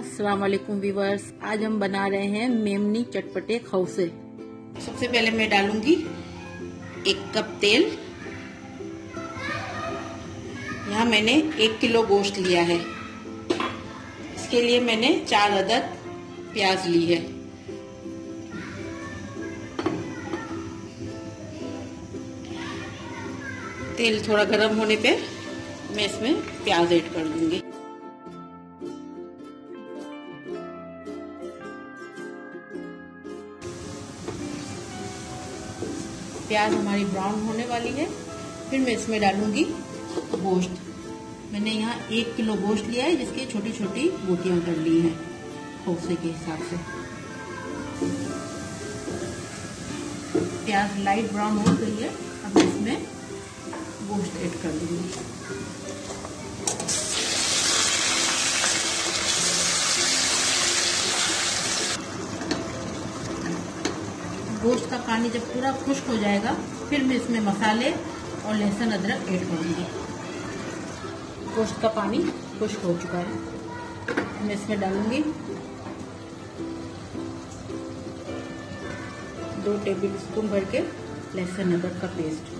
Aslam viewers आज हम बना रहे हैं मेमनी चटपटे खौसे सबसे पहले मैं डालूंगी एक कप तेल यहाँ मैंने एक किलो गोश्त लिया है इसके लिए मैंने चार अदद प्याज ली है तेल थोड़ा गर्म होने पे मैं इसमें प्याज ऐड कर दूंगी प्याज हमारी ब्राउन होने वाली है फिर मैं इसमें डालूंगी गोश्त मैंने यहाँ एक किलो गोश्त लिया है जिसकी छोटी छोटी बोटियाँ कर ली हैं खोसे के हिसाब से प्याज लाइट ब्राउन हो गई है गोश्त ऐड कर दूँगी गोश्त का पानी जब पूरा खुश्क हो जाएगा फिर मैं इसमें मसाले और लहसुन अदरक ऐड करूंगी गोश्त का पानी खुश्क हो चुका है मैं इसमें डालूंगी दो टेबल स्पून भर के लहसुन अदरक का पेस्ट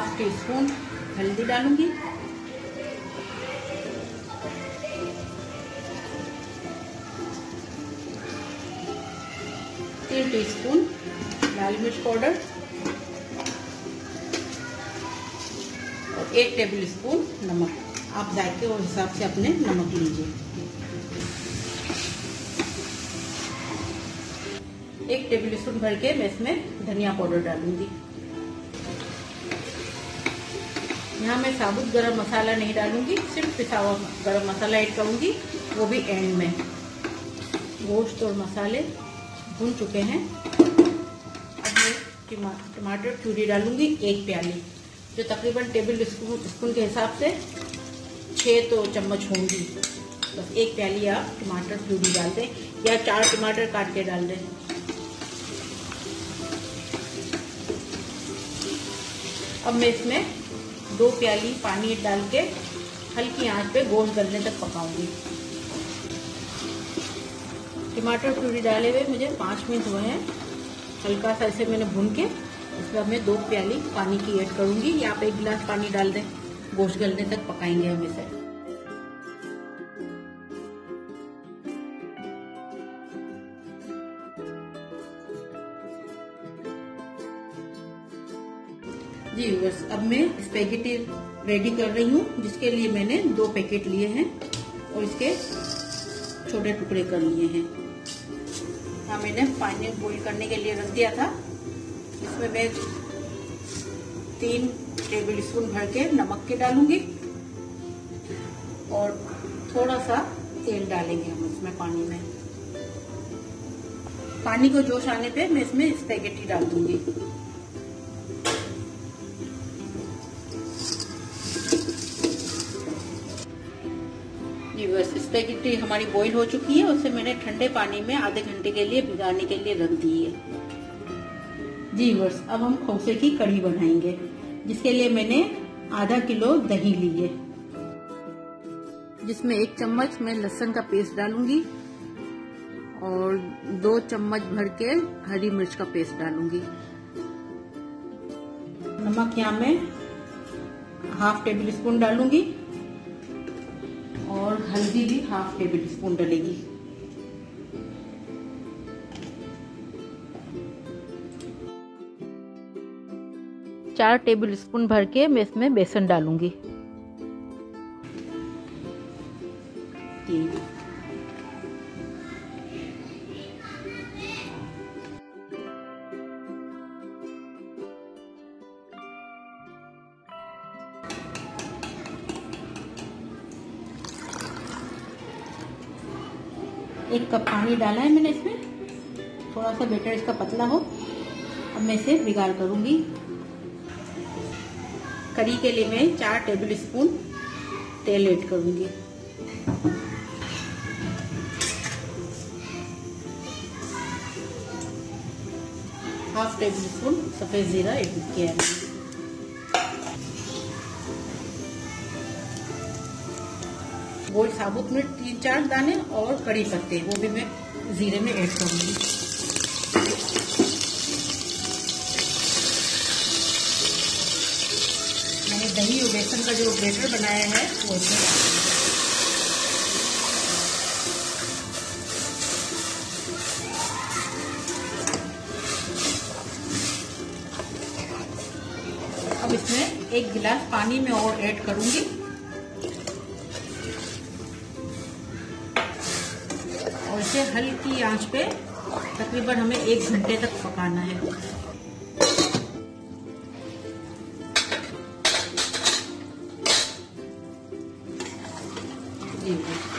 हाफ टी स्पून हल्दी डालूंगी तीन टी स्पून लाल मिर्च पाउडर और एक टेबल स्पून नमक आप जायके और हिसाब से अपने नमक लीजिए एक टेबल स्पून भर के मैं इसमें धनिया पाउडर डालूंगी यहाँ मैं साबुत गरम मसाला नहीं डालूंगी सिर्फ पिसा हुआ गरम मसाला ऐड करूँगी वो भी एंड में गोश्त और मसाले भून चुके हैं अब मैं टमाटर प्यूरी डालूंगी एक प्याली जो तकरीबन टेबल स्पून स्पून के हिसाब से छः तो चम्मच होंगी बस एक प्याली आप टमाटर प्यूरी डाल दें या चार टमाटर काट के डाल दें अब मैं इसमें दो प्याली पानी डाल के हल्की आंच पे गोल गलने तक पकाऊंगी टमाटर प्यूरी डाले हुए मुझे पाँच मिनट हुए हैं हल्का सा इसे मैंने भून के इसमें मैं दो प्याली पानी की ऐड करूंगी या आप एक गिलास पानी डाल दें गोश्त गलने तक पकाएंगे हम इसे यूजर्स अब मैं स्पेगेटी रेडी कर रही हूँ जिसके लिए मैंने दो पैकेट लिए हैं और इसके छोटे टुकड़े कर लिए हैं हाँ मैंने पानी बॉइल करने के लिए रख दिया था इसमें मैं तीन टेबल स्पून भर के नमक के डालूंगी और थोड़ा सा तेल डालेंगे हम इसमें पानी में पानी को जोश आने पे मैं इसमें स्पेगेटी डाल दूंगी व्यूअर्स स्पेगेटी हमारी बॉईल हो चुकी है उसे मैंने ठंडे पानी में आधे घंटे के लिए भिगाने के लिए रख दी है जी वर्ष अब हम खोसे की कढ़ी बनाएंगे जिसके लिए मैंने आधा किलो दही ली है जिसमें एक चम्मच मैं लहसन का पेस्ट डालूंगी और दो चम्मच भर के हरी मिर्च का पेस्ट डालूंगी नमक यहाँ मैं हाफ टेबल स्पून डालूंगी और हल्दी भी हाफ टेबल स्पून डलेगी चार टेबल स्पून भर के मैं इसमें बेसन डालूंगी एक कप पानी डाला है मैंने इसमें थोड़ा सा बेटर इसका पतला हो अब मैं इसे बिगाड़ करूंगी करी के लिए मैं चार टेबल स्पून तेल ऐड करूंगी हाफ टेबल स्पून सफ़ेद ज़ीरा एड किया है गोल साबुत में तीन चार दाने और कड़ी पत्ते वो भी मैं ज़ीरे में ऐड करूंगी मैंने दही और बेसन का जो बेटर बनाया है वो इसमें अब इसमें एक गिलास पानी में और ऐड करूंगी इसे हल्की आंच पे तकरीबन हमें एक घंटे तक पकाना है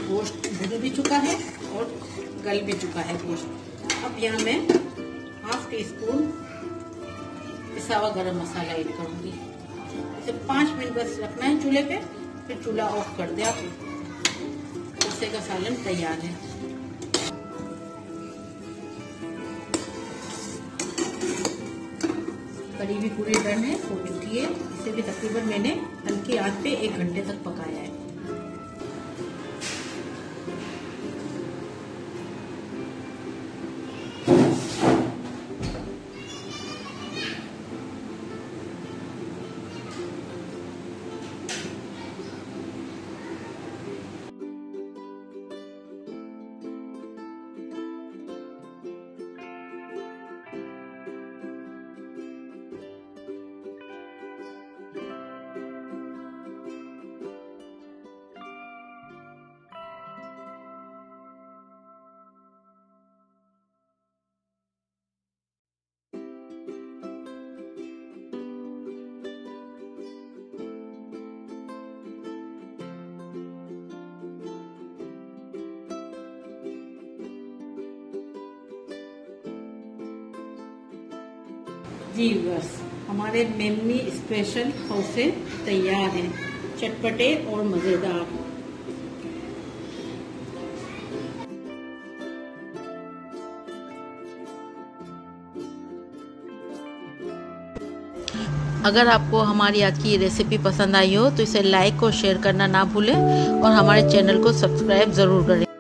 गोश्त भुन भी चुका है और गल भी चुका है गोश्त अब यहाँ मैं हाफ टी स्पून पिसावा गरम मसाला ऐड करूंगी इसे पांच मिनट बस रखना है चूल्हे पे फिर चूल्हा ऑफ कर दे आप उसे का सालन तैयार है तरी भी पूरी डन है हो चुकी है इसे भी तकरीबन मैंने हल्की आग पे एक घंटे तक पकाया है जी बस हमारे मेमनी स्पेशल हौसे तैयार हैं चटपटे और मज़ेदार अगर आपको हमारी आज की रेसिपी पसंद आई हो तो इसे लाइक और शेयर करना ना भूलें और हमारे चैनल को सब्सक्राइब ज़रूर करें